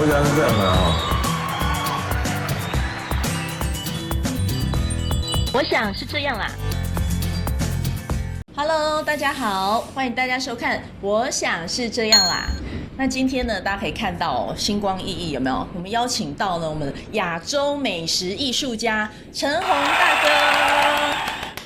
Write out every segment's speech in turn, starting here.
我想是這樣的哦。我想是這樣啦。Hello，大家好，歡迎大家收看《我想是這樣啦》。那今天呢，大家可以看到、哦、星光熠熠，有沒有？我們邀請到了我們的亞洲美食藝術家陳鴻大哥，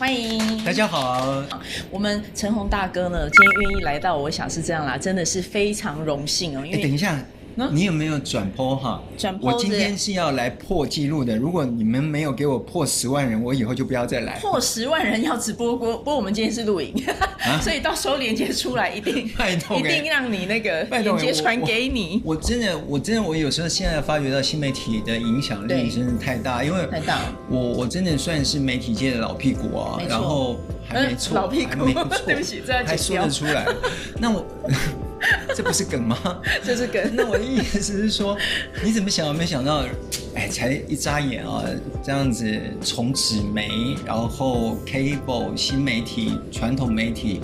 歡迎。大家好。我們陳鴻大哥呢，今天願意來到《我想是這樣啦》，真的是非常榮幸哦。因為等一下。嗯、你有沒有轉播哈？轉播，我今天是要來破紀錄的。如果你們沒有給我破十萬人，我以後就不要再來。破十萬人要直播過，不過我們今天是錄影、 啊，所以到時候連接出來一定，拜托，一定讓你那個連接傳給你我我。我真的，我真的，我有時候現在發覺到新媒體的影響力真的太大，因為太大了。我我真的算是媒體界的老屁股啊，然後還沒錯、呃，老屁股，不 對不起，這還說得出來？ 那我。 這不是梗嗎？這是梗。 那我的意思是說，你怎麼想？沒想到，哎，才一眨眼啊，哦，這樣子從紙媒，然後 cable 新媒體，傳統媒體，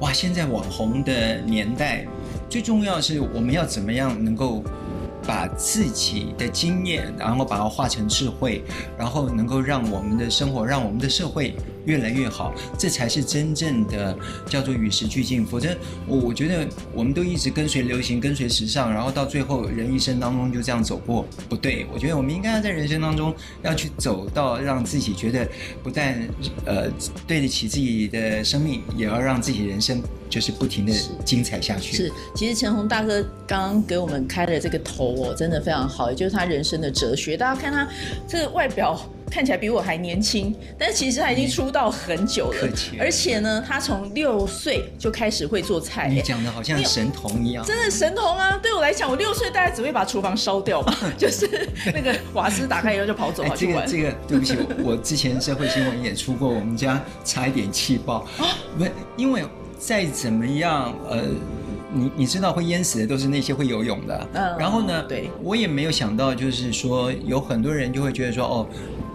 哇，現在網紅的年代，最重要是我們要怎麼樣能夠把自己的經驗，然後把它化成智慧，然後能夠讓我們的生活，讓我們的社會。越來越好，這才是真正的叫做與時俱進。否則我，我覺得我們都一直跟隨流行，跟隨時尚，然後到最後人一生當中就這樣走過，不對。我覺得我們應該要在人生當中要去走到讓自己覺得不但呃對得起自己的生命，也要讓自己人生就是不停的精彩下去是。是，其實陳鴻大哥剛剛給我們開的這個頭哦，真的非常好，也就是他人生的哲學。大家看他這個外表。嗯看起來比我還年輕，但是其實他已經出道很久了。嗯、客氣了，而且呢，他從六歲就開始會做菜、欸。你講的好像神童一樣。真的神童啊！對我來講，我六歲大概只會把廚房燒掉吧、啊，就是那個瓦斯打開以後就跑走、哎、這個這個，對不起，我之前社會新聞也出過，我們家差一點氣爆、啊。不，因為再怎麼樣，呃，你你知道會淹死的都是那些會游泳的。嗯。然後呢，對我也沒有想到，就是說有很多人就會覺得說，哦。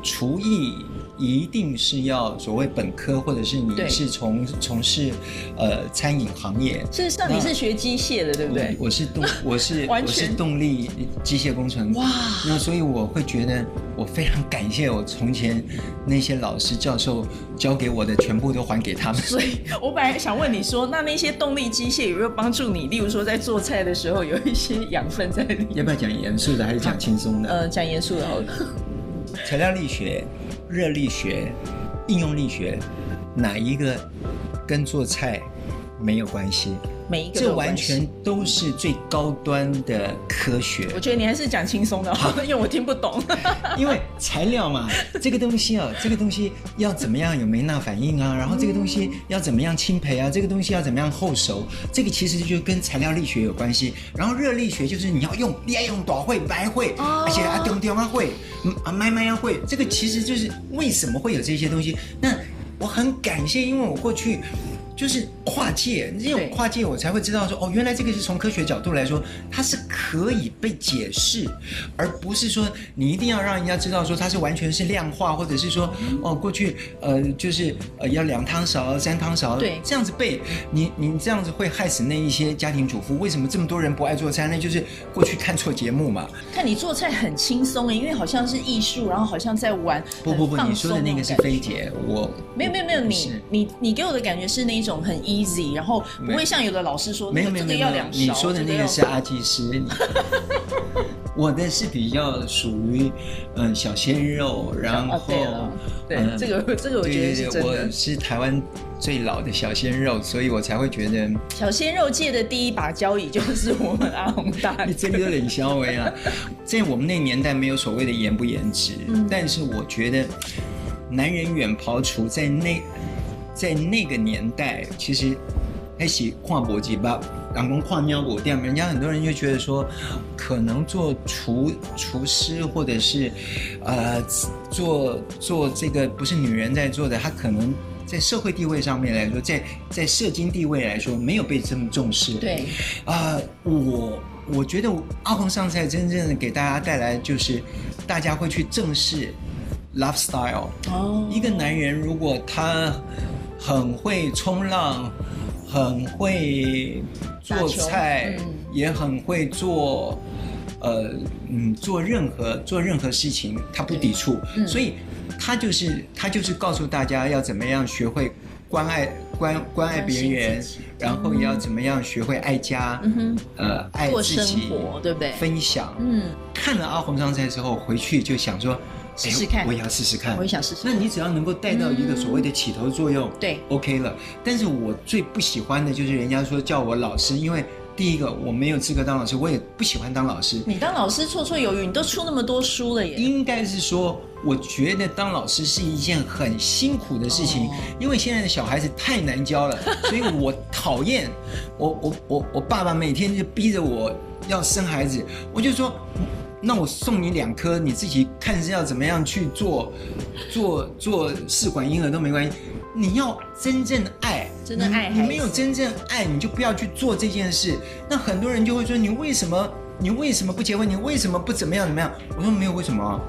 廚藝一定是要所謂本科，或者是你是從從從事呃餐飲行業。事實上，你是學機械的，對不對？我是動，我是我是， 完全我是動力機械工程。哇！那所以我會覺得，我非常感謝我從前那些老師教授教給我的，全部都還給他們。所以我本來想問你說， 那那些動力機械有沒有幫助你？例如說，在做菜的時候有一些養分在裡面。要不要講嚴肅的，還是講輕鬆的？啊、呃，講嚴肅的好。 材料力學、熱力學、應用力學，哪一個跟做菜沒有關係？每一個這完全都是最高端的科學。我覺得你還是講輕鬆的、哦，因為我聽不懂。因為材料嘛， 這個東西啊、哦， 這個東西要怎麼樣有梅納反應啊、嗯，然後這個東西要怎麼樣清培啊，這個東西要怎麼樣後熟，這個其實就跟材料力學有關係。然後熱力學就是你要用，啊用多會白會，而且啊丟丟啊會啊慢慢要會，這個其實就是為什麼會有這些東西。那我很感謝，因為我過去。就是跨界，這種跨界我才會知道說哦，原來這個是從科學角度來說，它是可以被解釋，而不是說你一定要讓人家知道說它是完全是量化，或者是說、嗯、哦過去呃就是呃要兩湯勺三湯勺對這樣子被你你這樣子會害死那一些家庭主婦。為什麼這麼多人不愛做菜？那就是過去看錯節目嘛。看你做菜很輕鬆哎，因為好像是藝術，然後好像在玩。不不不，嗯、你說的那個是菲姐，我沒有沒有沒有，你你你給我的感覺是那一種。很、嗯、easy，、嗯、然後不會像有的老師說，沒有，這個沒有。沒有沒有這個、兩勺。你說的那個是阿基師， 我的是比較屬於嗯、呃、小鮮肉，然後、啊、對，了對、呃、這個這個我覺得是真的。我是台灣最老的小鮮肉，所以我才會覺得小鮮肉界的第一把交椅就是我們阿鴻大。你真的冷笑微啊。 在我們那年代沒有所謂的顏不顏值，嗯、但是我覺得男人遠庖廚在那。在那個年代，其實開始跨國籍吧，老公跨喵國店，人家很多人就覺得說，可能做廚廚師或者是，呃，做做這個不是女人在做的，他可能在社會地位上面來說，在在社經地位來說沒有被這麼重視。對，啊、呃，我我覺得阿鴻上菜真正給大家帶來就是，大家會去正視，lifestyle 哦、oh，一個男人如果他。很會衝浪，很會做菜、嗯，也很會做，呃，嗯，做任何做任何事情，他不抵觸，嗯、所以他就是他就是告訴大家要怎麼樣學會關愛關關愛別人、嗯，然後也要怎麼樣學會愛家，嗯、哼呃，愛自己對不對，分享。嗯，看了阿鴻上菜之後，回去就想說。試試看，我也要試試看。我也想試試。那你只要能夠帶到一個所謂的起頭作用，嗯、對，OK 了。但是我最不喜歡的就是人家說叫我老師，因為第一個我沒有資格當老師，我也不喜歡當老師。你當老師綽綽有餘，你都出那麼多書了耶。應該是說，我覺得當老師是一件很辛苦的事情，oh. 因為現在的小孩子太難教了，所以我討厭。 我我我我爸爸每天就逼着我要生孩子，我就說。那我送你兩顆，你自己看是要怎麼樣去做，做做，做試管嬰兒都沒關係。你要真正愛，真的愛，你，你沒有真正愛，你就不要去做這件事。那很多人就會說，你為什麼你為什麼不結婚？你為什麼不怎麼樣怎麼樣？我說沒有為什麼。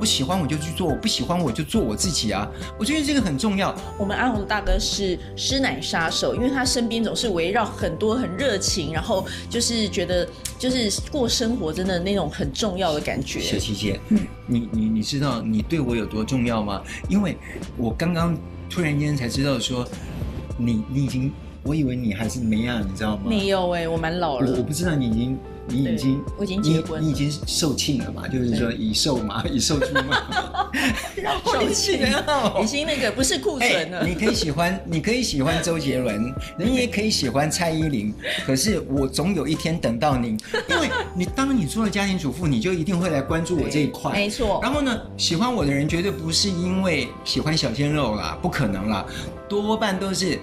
我喜歡我就去做，我不喜歡我就做我自己啊！我覺得這個很重要。我們阿鴻的大哥是師奶殺手，因為他身邊總是圍繞很多很熱情，然後就是覺得就是過生活真的那種很重要的感覺。小七姐，嗯、你你你知道你對我有多重要嗎？因為我剛剛突然間才知道說你，你你已經，我以為你還是沒樣、啊，你知道嗎？沒有哎、欸，我蠻老了。我不知道你已經。你已經，我已經你，你已經售罄了嘛？就是說已售嘛，已售出嘛。 然後受慶了。已經那個不是庫存了，欸。你可以喜歡，你可以喜歡周杰倫，你 也可以喜歡蔡依林。 可是我總有一天等到您，因為你當你做了家庭主婦，你就一定會來關注我這一塊。沒錯。然後呢，喜歡我的人絕對不是因為喜歡小鮮肉啦，不可能啦，多半都是。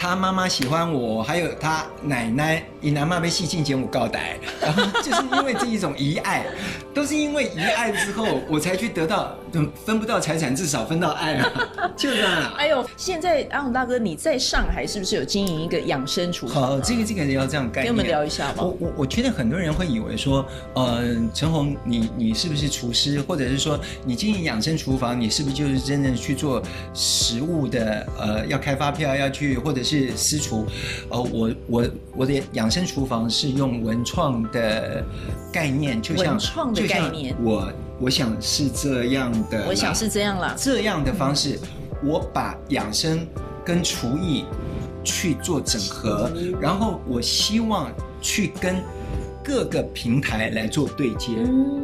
他媽媽喜歡我，還有他奶奶，伊 南媽被戲精節目告的，然後就是因為這一種遺愛， 都是因為遺愛之後，我才去得到，分不到財產，至少分到愛就是啊。哎呦，現在阿鴻大哥，你在上海是不是有經營一個養生廚房？好，好這個這個要這樣概念，跟、嗯、我們聊一下吧。我我我覺得很多人會以為說，呃，陳鴻，你你是不是廚師，或者是說你經營養生廚房，你是不是就是真正去做食物的？呃，要開發票，要去或者是。是私廚，呃、哦，我我我的養生廚房是用文創的概念，就像文創的概念，我我想是這樣的，我想是這樣啦，這樣的方式、嗯，我把養生跟廚藝去做整合，嗯、然後我希望去跟。各個平台來做對接，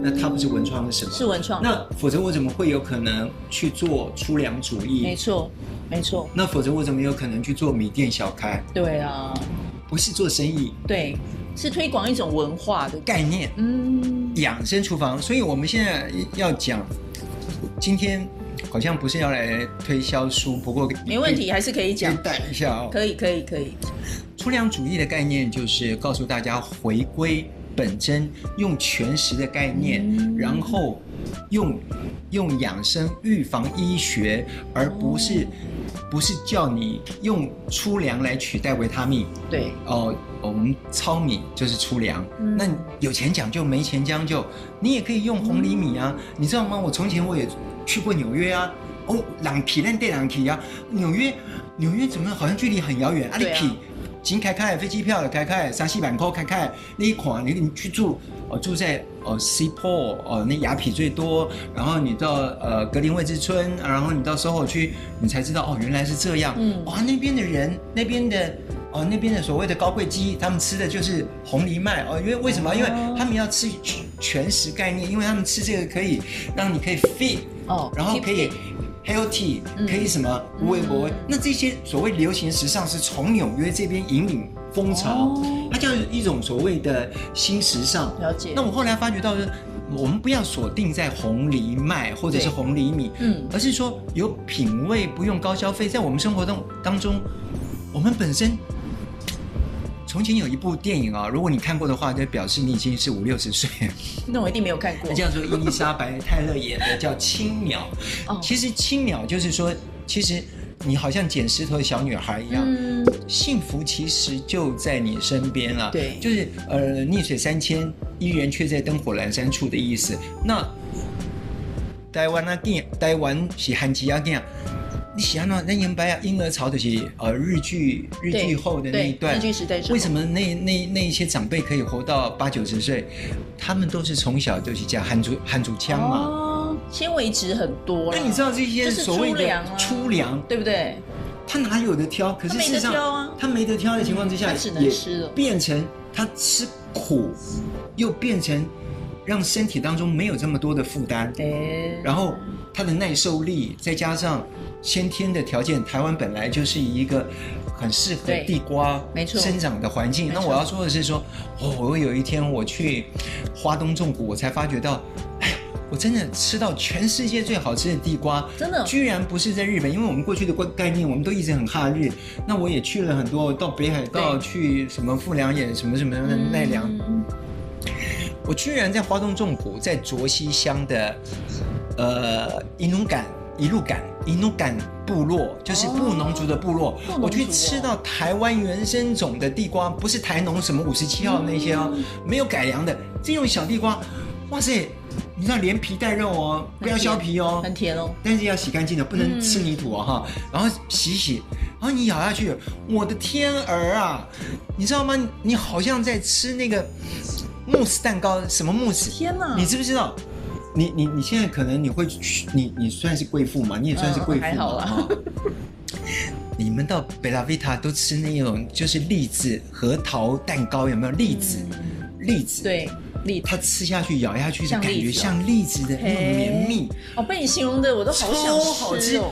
那它不是文創的，什麼？是文創的。那否則我怎麼會有可能去做粗糧主義？沒錯，沒錯。那否則我怎麼有可能去做米店小開？對啊，不是做生意，對，是推廣一種文化的概念。概念，嗯，養生廚房。所以，我們現在要講，今天好像不是要來推銷書，不過沒問題，還是可以講，帶一下哦、嗯。可以，可以，可以。 粗糧主義的概念就是告訴大家回歸本真，用全食的概念，嗯、然後用用養生、預防醫學，而不是、哦、不是叫你用粗糧來取代維他命。對，呃、哦，我們糙米就是粗糧、嗯。那有錢講究，沒錢將就，你也可以用紅藜米啊、嗯，你知道嗎？我從前我也去過紐約啊，哦，朗皮爛蒂朗皮啊，紐約紐約怎麼好像距離很遙遠？阿裡皮。請開開飛機票了，開開沙西板扣開開那一款，你你，你去住，哦、呃，住在哦 s p 哦，那雅痞最多。然後你到呃格林威治村，啊、然後你到 SOHO 區，你才知道哦，原來是這樣。嗯，哇、哦，那邊的人，那邊的哦，那邊的所謂的高貴階級，他們吃的就是紅藜麥哦。因為為什麼、哦？因為他們要吃全食概念，因為他們吃這個可以讓你可以 fit 哦，然後可以。HOT 可以什麼？無微博？那這些所謂流行時尚是從紐約這邊引領風潮，哦，它叫一種所謂的新時尚。了解。那我後來發覺到，我們不要鎖定在紅梨麥或者是紅梨米，嗯，而是說有品味，不用高消費，在我們生活中當中，我們本身。從前有一部電影啊、哦，如果你看過的話，就表示你已經是五六十歲。那我一定沒有看過。叫做 伊麗莎白泰勒演的叫《青鳥》哦。其實《青鳥》就是說，其實你好像撿石頭的小女孩一樣、嗯，幸福其實就在你身邊了、啊。對，就是呃，弱水三千，伊人卻在燈火闌珊處的意思。那台灣那、啊、電，台灣是漢基亞電你喜歡那那年代嬰兒潮的些呃日劇日劇後的那一段，時代什為什麼那那那一些長輩可以活到八九十歲？他們都是從小就去講漢族漢族腔嘛，哦、纖維質很多。那你知道這些所謂的粗糧、啊、糧對不對？他哪有得挑？可是事實上他沒、啊、他沒得挑的情況之下、嗯，他只能吃了，也變成他吃苦，又變成讓身體當中沒有這麼多的負擔，哎、然後他的耐受力再加上。先天的條件，台灣本來就是一個很適合地瓜生長的環境。那我要說的是說，說哦，我有一天我去花東縱谷，我才發覺到，哎，我真的吃到全世界最好吃的地瓜，真的，居然不是在日本。因為我們過去的概念，我們都一直很哈日。那我也去了很多，到北海道去什麼富良野，什麼什麼的奈良、嗯。我居然在花東縱谷，在卓溪鄉的呃銀龍感，一路趕。伊努感部落就是布農族的部落，oh, 我去吃到台灣原生種的地瓜，不是台農什麼五十七號那些哦、嗯，沒有改良的，這種小地瓜，哇塞，你知道連皮帶肉哦，不要削皮哦，很甜，很甜哦，但是要洗乾淨的，不能吃泥土啊、哦、哈、嗯，然後洗洗，然後你咬下去，我的天兒啊，你知道嗎？你好像在吃那個慕斯蛋糕，什麼慕斯？天哪，你知不知道？你你你現在可能你會去你你算是貴婦嘛？你也算是貴婦、哦。還好、嗯、你們到貝拉維塔都吃那種就是栗子核桃蛋糕，有沒有栗子、嗯？栗子，栗子，對，栗子。它吃下去咬下去的感覺像栗子的栗子、哦、那種綿密、okay。哦，被你形容的我都好想吃超好吃、哦，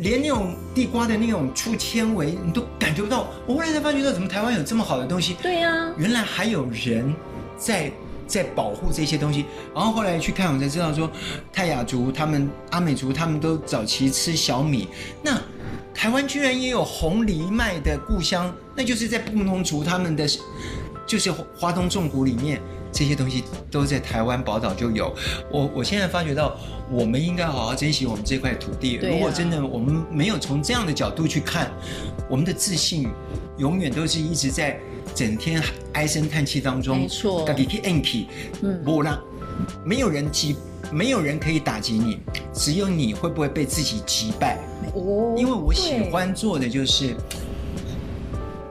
連那種地瓜的那種粗纖維你都感覺不到。我忽然才發覺到，怎麼台灣有這麼好的東西？對呀、啊，原來還有人在。在保護這些東西，然後後來去看，我才知道說，泰雅族、他們阿美族他們都早期吃小米，那台灣居然也有紅藜麥的故鄉，那就是在布農族他們的，就是花東縱谷裡面，這些東西都在台灣寶島就有。我我現在發覺到，我們應該好好珍惜我們這塊土地、啊。如果真的我們沒有從這樣的角度去看，我們的自信永遠都是一直在，整天唉聲嘆氣當中，沒錯。k i k i a 嗯，波浪，沒有人擊，沒有人可以打擊你，只有你會不會被自己擊敗？哦，因為我喜歡做的就是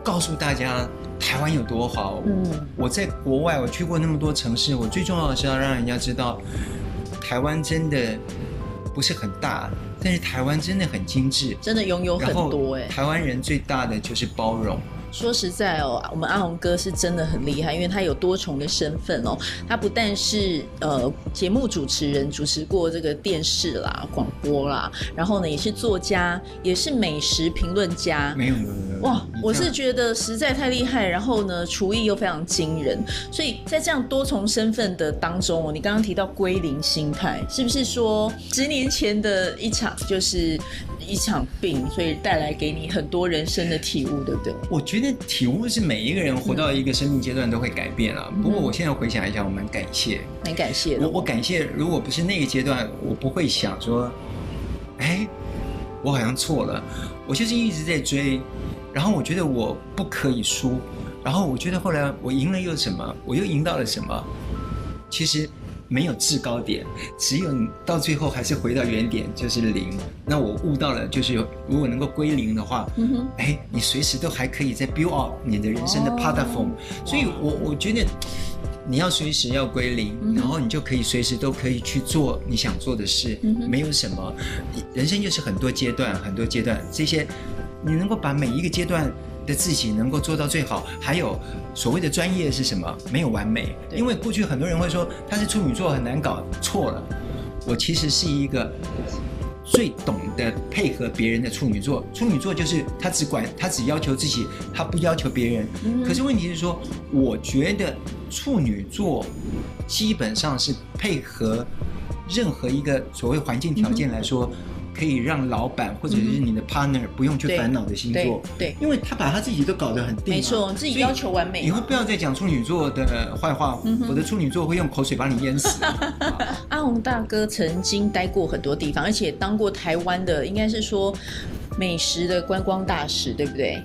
告訴大家台灣有多好。嗯，我在國外，我去過那麼多城市，我最重要的是要讓人家知道台灣真的不是很大，但是台灣真的很精緻，真的擁有很多哎。然後台灣人最大的就是包容。說實在哦，我們阿鴻哥是真的很厲害，因為他有多重的身份哦。他不但是呃節目主持人，主持過這個電視啦、廣播啦，然後呢也是作家，也是美食評論家。沒有沒有沒有哇！我是覺得實在太厲害，然後呢廚藝又非常驚人。所以在這樣多重身份的當中哦，你剛剛提到歸零心態，是不是說十年前的一場就是一場病，所以帶來給你很多人生的體悟，對不對？我覺得。體悟是每一個人活到一個生命階段都會改變了，啊。不過我現在回想一下，我蠻感謝，蠻感謝的。我我感謝，如果不是那個階段，我不會想說，哎，我好像錯了。我就是一直在追，然後我覺得我不可以輸，然後我覺得後來我贏了又什麼，我又贏到了什麼？其實。沒有制高點，只有你到最後還是回到原點，就是零。那我悟到了，就是有如果能夠歸零的話，哎、嗯，你隨時都還可以再 build up 你的人生的 platform，哦。所以我，我我覺得你要隨時要歸零，嗯，然後你就可以隨時都可以去做你想做的事，嗯哼，沒有什麼，人生就是很多階段，很多階段，這些你能夠把每一個階段。的自己能夠做到最好，還有所謂的專業是什麼？沒有完美，因為過去很多人會說他是處女座很難搞，錯了。我其實是一個最懂得配合別人的處女座。處女座就是他只管，他只要求自己，他不要求別人、嗯。可是問題是說，我覺得處女座基本上是配合任何一個所謂環境條件來說。嗯可以讓老闆或者是你的 partner 不用去煩惱的星座，嗯對對，對，因為他把他自己都搞得很定，沒錯，自己要求完美。以，以後不要再講處女座的壞話，嗯，我的處女座會用口水把你淹死。嗯、阿鴻大哥曾經待過很多地方，而且當過台灣的，應該是說美食的觀光大使，對不對？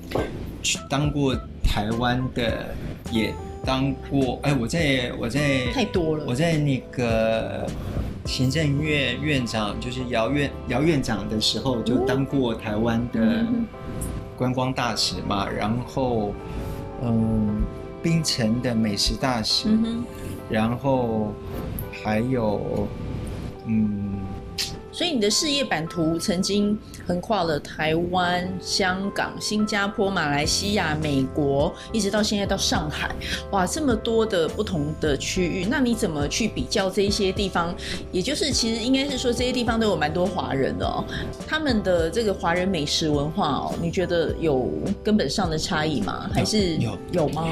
去當過台灣的，也當過，哎，我在，我在，太多了，我在那個。行政院院長就是姚院姚院長的時候，就當過台灣的觀光大使嘛，然後，嗯，檳城的美食大使，然後還有嗯。所以你的事業版圖曾經橫跨了台灣、香港、新加坡、馬來西亞、美國，一直到現在到上海，哇，這麼多的不同的區域，那你怎麼去比較這些地方？也就是其實應該是說，這些地方都有蠻多華人的、喔，他們的這個華人美食文化哦、喔，你覺得有根本上的差異嗎？還是有有嗎？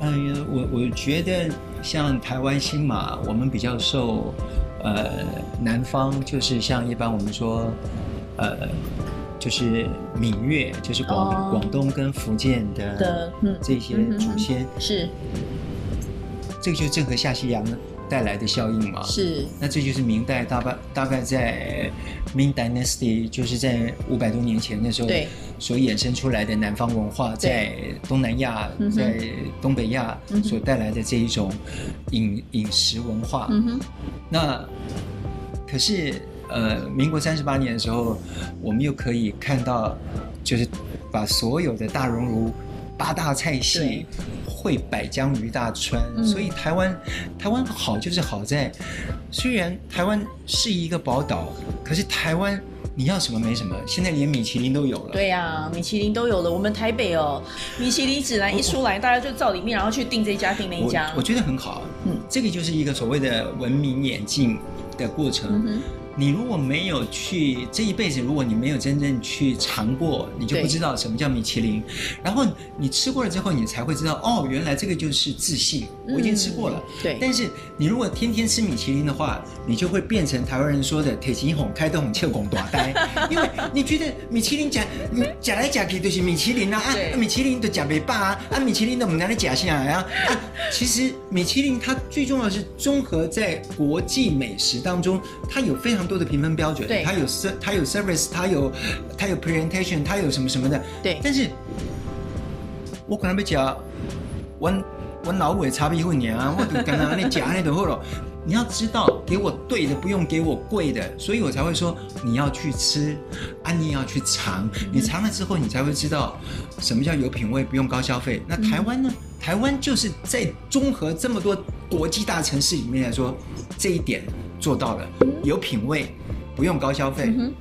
哎呀、呃，我我覺得像台灣、新馬，我們比較受。呃，南方就是像一般我們說，呃，就是閩粵，就是廣、oh. 廣東跟福建的這些祖先，是、mm -hmm. 這個就是鄭和下西洋呢。帶來的效應嘛，是。那這就是明代大半大概在 Ming Dynasty，就是在五百多年前的時候，所衍生出來的南方文化在東南亞、在東北亞所帶來的這一種飲、嗯、飲食文化。嗯哼。那可是呃，民國三十八年的時候，我們又可以看到，就是把所有的大熔爐。八大菜系會百江魚大川，所以台灣，嗯，台灣好就是好在，雖然台灣是一個寶島，可是台灣你要什麼沒什麼，現在連米其林都有了。對呀、啊，米其林都有了，我們台北哦，米其林指南一出來，大家就照裡面，然後去訂這家訂那一家我。我覺得很好，嗯，這個就是一個所謂的文明演進的過程。嗯你如果沒有去這一輩子，如果你沒有真正去嘗過，你就不知道什麼叫米其林。然後你吃過了之後，你才會知道哦，原來這個就是自信。我已經吃過了、嗯。對。但是你如果天天吃米其林的話，你就會變成台灣人說的鐵旗紅開動，翹拱短呆。因為你覺得米其林吃，吃來吃去都是米其林啊，啊米其林的假未霸啊，啊米其林都唔知你吃啥啊， 啊。其實米其林它最重要的是綜合在國際美食當中，它有非常多的評分標準，對，它有 serv，它有 service，它有它有 presentation，它有什麼什麼的，對。但是我可能被講，我我腦尾查鼻會年啊，我敢在那講，那你要知道，給我對的不用給我貴的，所以我才會說你要去吃，啊，你也要去嘗。你嘗了之後，你才會知道什麼叫有品味，不用高消費。嗯。那台灣呢？台灣就是在綜合這麼多國際大城市裡面來說，這一點。做到了，有品位，不用高消費。嗯。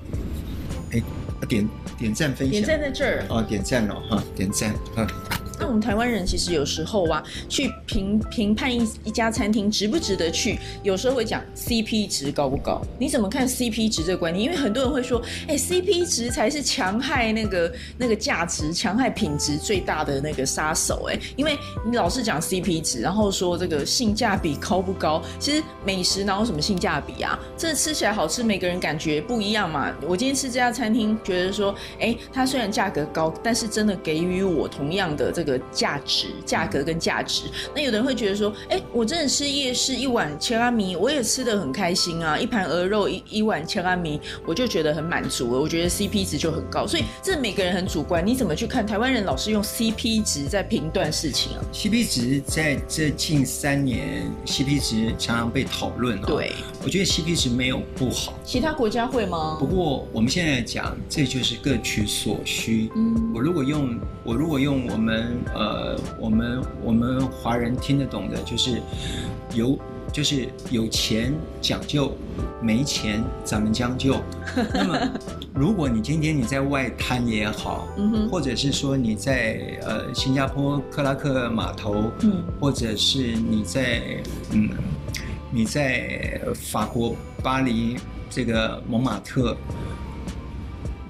誒，點點讚分享。點贊在這兒啊，哦，點贊了、哦、哈，點贊。哈那我們台灣人其實有時候啊，去評評判一一家餐廳值不值得去，有時候會講 CP 值高不高？你怎麼看 CP 值這個觀念？因為很多人會說，哎，CP 值才是戕害那個那個價值、戕害品質最大的那個殺手欸。哎，因為你老是講 CP 值，然後說這個性價比高不高？其實美食哪有什麼性價比啊？真的吃起來好吃，每個人感覺不一樣嘛。我今天吃這家餐廳，覺得說，哎，它雖然價格高，但是真的給予我同樣的這個。價值、價格跟價值，那有人會覺得說：“哎、欸，我真的吃夜市一碗切仔麵，我也吃得很開心啊！一盤鵝肉一一碗切仔麵，我就覺得很滿足了。我覺得 CP 值就很高，所以這每個人很主觀。你怎麼去看？台灣人老是用 CP 值在評斷事情啊。啊 CP 值在這近三年，CP 值常常被討論、啊。對，我覺得 CP 值沒有不好。其他國家會嗎？不過我們現在講，這就是各取所需。嗯，我如果用，我如果用我們。呃，我們我們華人聽得懂的，就是有就是有錢講究，沒錢咱們將就。 那麼，如果你今天你在外灘也好、嗯，或者是說你在呃新加坡克拉克碼頭，嗯、或者是你在嗯你在法國巴黎這個蒙馬特，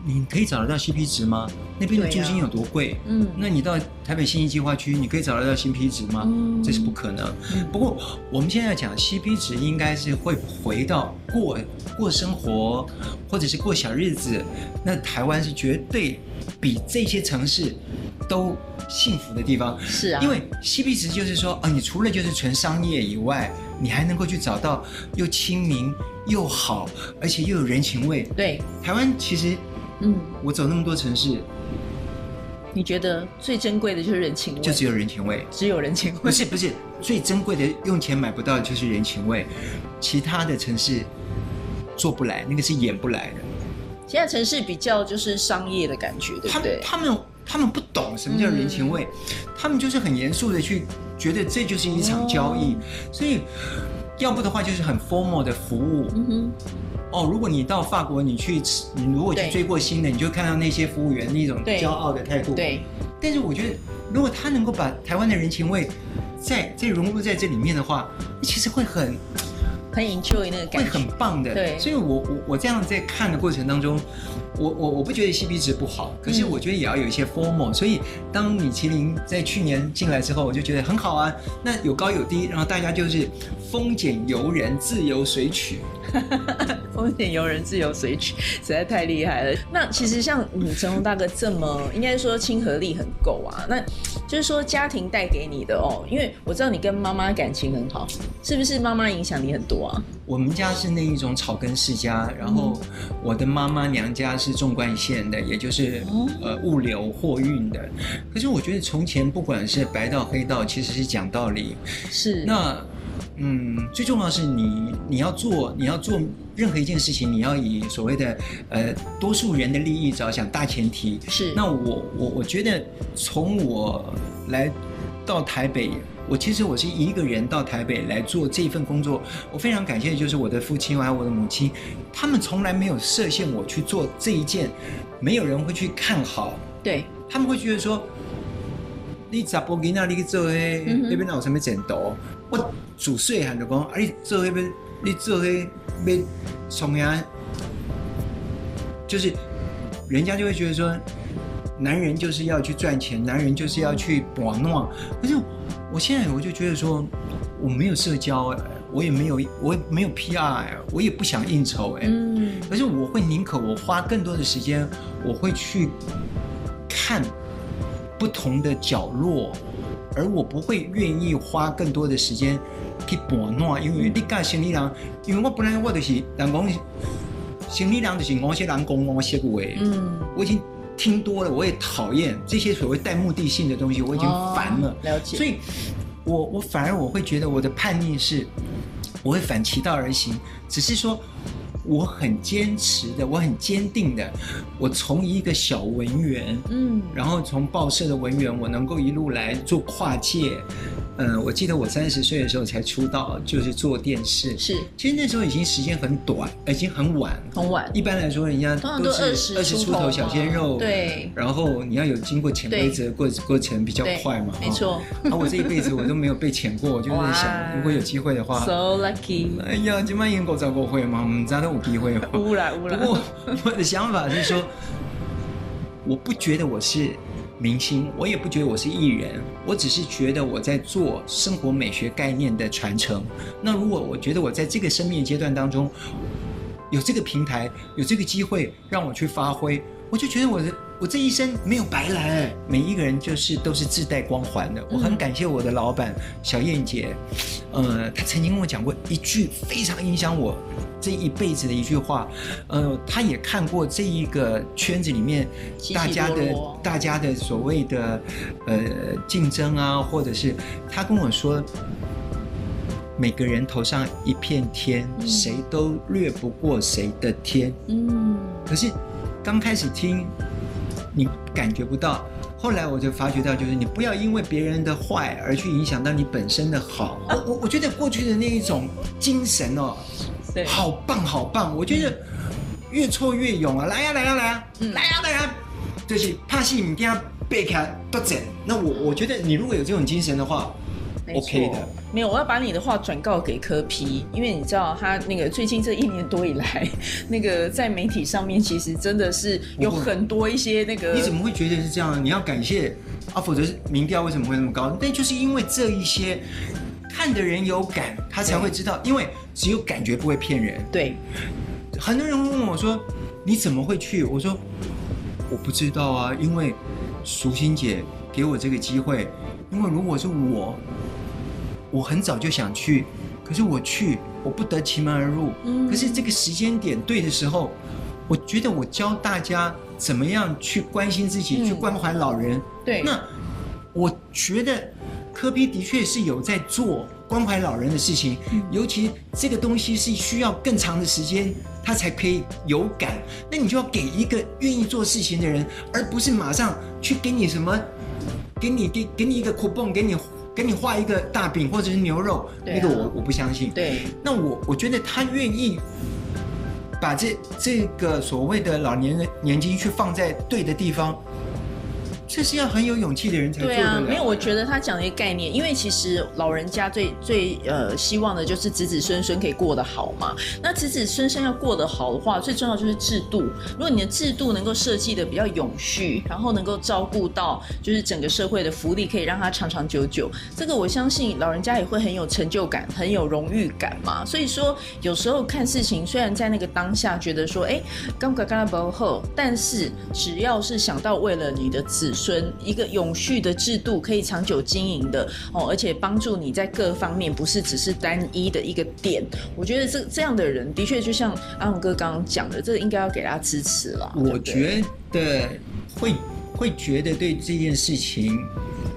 你可以找得到 CP 值嗎？那邊的租金有多貴、啊？嗯，那你到台北信義計劃區，你可以找得到 CP 值嗎、嗯？這是不可能。不過我們現在要講 CP 值，應該是會回到過過生活，或者是過小日子。那台灣是絕對比這些城市都幸福的地方。是啊，因為 CP 值就是說，啊，你除了就是純商業以外，你還能夠去找到又親民又好，而且又有人情味。對，台灣其實，嗯，我走那麼多城市。你覺得最珍貴的就是人情味，就只有人情味，只有人情味。不是不是，最珍貴的用錢買不到的，就是人情味。其他的城市做不來，那個是演不來的。現在城市比較就是商業的感覺，對不對？他們他們不懂什麼叫人情味、嗯，他們就是很嚴肅的去覺得這就是一場交易，哦、所以。要不的話，就是很 formal 的服務、嗯。哦，如果你到法國，你去吃，你如果去追過新的，你就看到那些服務員那種驕傲的態度對。對，但是我覺得，如果他能夠把台灣的人情味在，在在融入在這裡面的話，其實會很。很 enjoy 那個感覺，會很棒的。對，所以我我我這樣在看的過程當中，我我我不覺得 CP 值不好，可是我覺得也要有一些 formal、嗯。所以當米其林在去年進來之後，我就覺得很好啊。那有高有低，然後大家就是風景游人自由隨取。風險由人自由隨取，實在太厲害了。那其實像你成龍大哥這麼， 應該說親和力很夠啊。那就是說家庭帶給你的哦，因為我知道你跟媽媽感情很好，是不是媽媽影響你很多啊？我們家是那一種草根世家，然後我的媽媽娘家是縱貫線的，也就是、哦、呃物流貨運的。可是我覺得從前不管是白道黑道，其實是講道理，是那。嗯，最重要是你，你要做，你要做任何一件事情，你要以所謂的呃多數人的利益着想，大前提。是。那我我我覺得，從我來到台北，我其實我是一個人到台北來做這份工作，我非常感謝就是我的父親還有我的母親，他們從來沒有設限我去做這一件，沒有人會去看好。對。他們會覺得說，你雜波給那裡去做嘿？那、嗯、邊那我上面剪刀。我、啊、做小漢的工，你做那邊，你這那邊從呀，就是人家就會覺得說，男人就是要去賺錢，男人就是要去玩弄。可是我現在我就覺得說，我沒有社交、欸，我也沒有，我也沒有 PR，、欸、我也不想應酬、欸。哎，嗯，可是我會寧可我花更多的時間，我會去看不同的角落。而我不會願意花更多的時間去保暖，因為你講心理量，因為我本來我就是人，人工心理量的是某些人講某些不為，嗯，我已經聽多了，我也討厭這些所謂帶目的性的東西，我已經煩了。哦，了解。所以我，我我反而我會覺得我的叛逆是，我會反其道而行，只是說。我很堅持的，我很堅定的，我從一個小文員，嗯，然後從報社的文員，我能夠一路來做跨界。嗯，我記得我三十歲的時候才出道，就是做電視。是，其實那時候已經時間很短，已經很晚，很晚。一般來說，人家都是二十出頭小鮮肉。對。然後你要有經過潛規則過過程比較快嘛？沒錯。啊，我這一輩子我都沒有被潛過，我就在想，如果有機會的話。So lucky。哎呀，今晚演過早過會嘛，我們咱都有機會。烏拉烏拉。不過我的想法是說， 我不覺得我是。明星，我也不覺得我是藝人，我只是覺得我在做生活美學概念的傳承。那如果我覺得我在這個生命階段當中，有這個平台，有這個機會讓我去發揮，我就覺得我的我這一生沒有白來。每一個人就是都是自帶光環的。嗯，我很感謝我的老板小燕姐，呃，她曾經跟我講過一句非常影響我。這一輩子的一句話，呃，他也看過這一個圈子裡面大家的起起、啊、大家的所謂的呃競爭啊，或者是他跟我說，每個人頭上一片天，誰、嗯、都掠不過誰的天。嗯，可是剛開始聽你感覺不到，後來我就發覺到，就是你不要因為別人的壞而去影響到你本身的好。啊、我我覺得過去的那一種精神哦。對好棒好棒，我覺得越挫越勇啊！來啊來啊來啊，來啊、嗯、來啊，就是怕戲，你一定要背看不整。那我我覺得你如果有這種精神的話，OK 的。沒有，我要把你的話轉告給柯皮，因為你知道他那個最近這一年多以來，那個在媒體上面其實真的是有很多一些那個。你怎麼會覺得是這樣呢？啊？你要感謝啊，否則是民調為什麼會那麼高？但就是因為這一些看的人有感，他才會知道，嗯、因為。只有感覺不會騙人。對，很多人問我說：“你怎麼會去？”我說：“我不知道啊，因為舒心姐給我這個機會。因為如果是我，我很早就想去，可是我去，我不得其門而入。嗯、可是這個時間點對的時候，我覺得我教大家怎麼樣去關心自己，嗯、去關懷老人。對，那我覺得柯 P 的確是有在做。”關懷老人的事情，嗯，尤其這個東西是需要更長的時間，他才可以有感。那你就要給一個願意做事情的人，而不是馬上去給你什麼，給你給給你一個 coupon，給你給你畫一個大餅或者是牛肉，啊、那個我我不相信。對，那我我覺得他願意把這這個所謂的老年人年金去放在對的地方。這是要很有勇氣的人才做的。對啊，沒有，我覺得他講的一個概念，因為其實老人家最最呃希望的就是子子孫孫可以過得好嘛。那子子孫孫要過得好的話，最重要的就是制度。如果你的制度能夠設計的比較永續，然後能夠照顧到就是整個社會的福利，可以讓它長長久久，這個我相信老人家也會很有成就感，很有榮譽感嘛。所以說，有時候看事情，雖然在那個當下覺得說，哎、欸，剛格剛拉不後，但是只要是想到為了你的子。存一個永續的制度，可以長久經營的哦，而且幫助你在各方面，不是只是單一的一個點。我覺得這這樣的人，的確就像阿勇哥剛剛講的，這個、應該要給他支持了。我覺得會對對會，會覺得對這件事情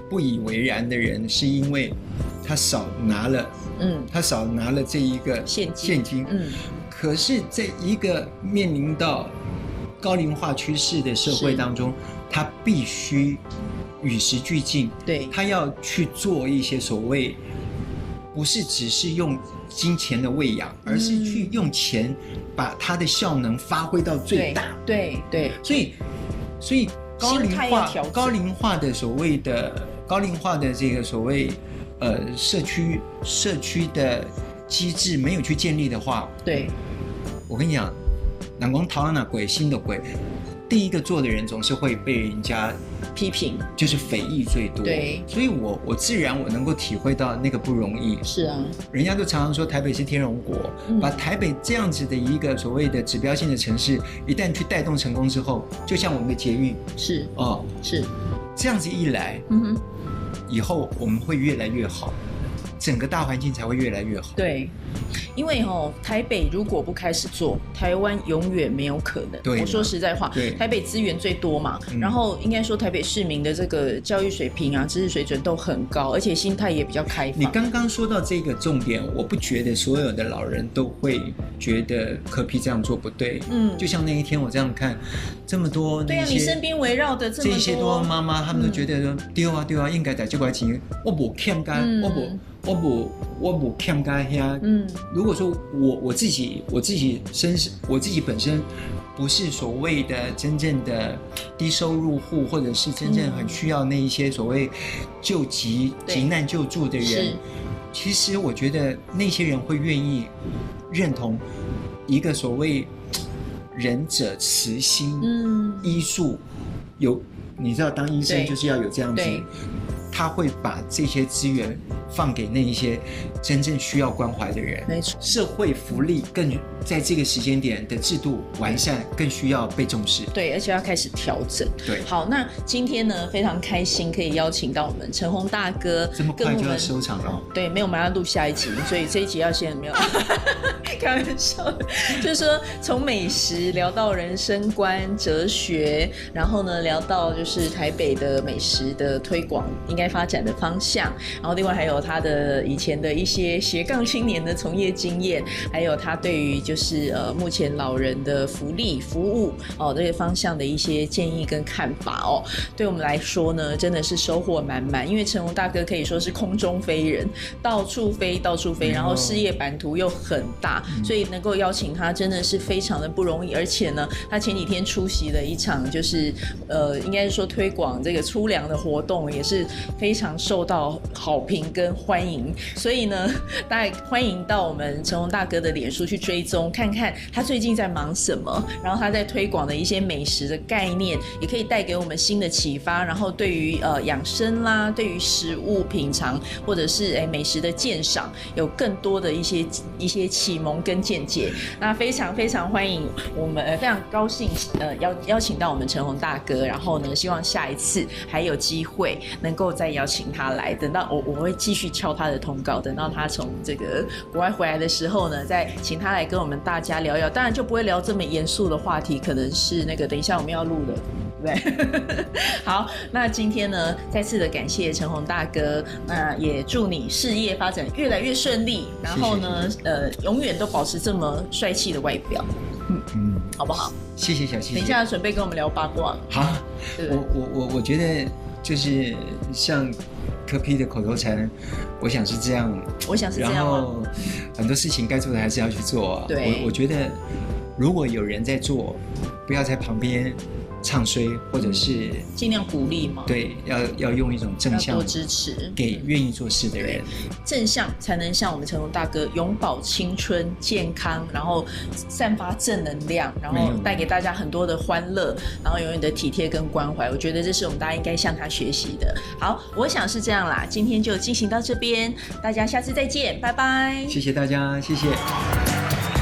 不以為然的人，是因為他少拿了，嗯，他少拿了這一個現金，現金嗯。可是，在一個面臨到高齡化趨勢的社會當中。他必須與時俱進，對，他要去做一些所謂，不是只是用金錢的餵養、嗯，而是去用錢把它的效能發揮到最大，對對，對。所以，所以高齡化高齡化的所謂的高齡化的這個所謂呃社區社區的機制沒有去建立的話，對，我跟你講，南光逃到哪鬼新的鬼。第一個做的人總是會被人家批評，就是非議最多。對，所以我我自然我能夠體會到那個不容易。是啊，人家都常常說台北是天龍國、嗯，把台北這樣子的一個所謂的指標性的城市，一旦去帶動成功之後，就像我們的捷運是哦，是，這樣子一來、嗯哼，以後我們會越來越好。整個大環境才會越來越好。對，因為吼、哦、台北如果不開始做，台灣永遠沒有可能。對我說實在話對，台北資源最多嘛、嗯，然後應該說台北市民的這個教育水平啊、知識水準都很高，而且心態也比較開放。你剛剛說到這個重點，我不覺得所有的老人都會覺得可 P 這樣做不對。嗯，就像那一天我這樣看，這麼多對啊，你身邊圍繞的這麼多這些多媽媽，他們都覺得說丟、嗯、啊丟啊，應該在交關錢，我不看乾，嗯、我不。我不，我不偏嗯，如果說我我自己我自己身，我自己本身不是所謂的真正的低收入戶，或者是真正很需要那一些所謂救急、急難救助的人，其實我覺得那些人會願意認同一個所謂仁者慈心。嗯，醫術有，你知道，當醫生就是要有這樣子。他會把這些資源放給那一些真正需要關懷的人。沒錯，社會福利更在這個時間點的制度完善更需要被重視。對，而且要開始調整。對，好，那今天呢，非常開心可以邀請到我們陳鴻大哥。這麼快就要收場了哦？對，沒有，馬上錄下一集，所以這一集要先沒有。 開玩笑，就是說從美食聊到人生觀、哲學，然後呢聊到就是台北的美食的推廣應該。發展的方向，然後另外還有他的以前的一些斜槓青年的從業經驗，還有他對於就是呃目前老人的福利服務哦這些方向的一些建議跟看法哦，對我們來說呢真的是收穫滿滿。因為陳鴻大哥可以說是空中飛人，到處飛到處飛，然後事業版圖又很大，所以能夠邀請他真的是非常的不容易。而且呢，他前幾天出席了一場就是呃應該是說推廣這個粗糧的活動，也是。非常受到好評跟歡迎，所以呢，大家歡迎到我們陳鴻大哥的臉書去追蹤看看他最近在忙什麼，然後他在推廣的一些美食的概念，也可以帶給我們新的啟發，然後對於呃養生啦，對於食物品嘗，或者是哎、欸、美食的鑑賞，有更多的一些一些啟蒙跟見解。那非常非常歡迎，我們、呃、非常高興呃邀邀請到我們陳鴻大哥，然後呢，希望下一次還有機會能夠再邀請他來，等到我我會繼續敲他的通告，等到他從這個國外回來的時候呢，再請他來跟我們大家聊一聊。當然就不會聊這麼嚴肅的話題，可能是那個等一下我們要錄的，對不對？ 好，那今天呢，再次的感謝陳鴻大哥，那、呃、也祝你事業發展越來越順利，然後呢，謝謝謝謝呃，永遠都保持這麼帥氣的外表，嗯嗯，好不好？謝謝小謝，謝，等一下準備跟我們聊八卦了。好，我我我我覺得。就是像柯 P 的口頭禪，我想是這樣。我想是這樣，然後很多事情該做的還是要去做。對，我我覺得如果有人在做，不要在旁邊。唱衰，或者是盡量鼓勵嘛？對，要要用一種正向，多支持，給願意做事的人。正向才能像我們成龍大哥永葆青春、健康，然後散發正能量，然後帶給大家很多的歡樂，然後永遠的體貼跟關懷。我覺得這是我們大家應該向他學習的。好，我想是這樣啦。今天就進行到這邊，大家下次再見，拜拜。謝謝大家，謝謝。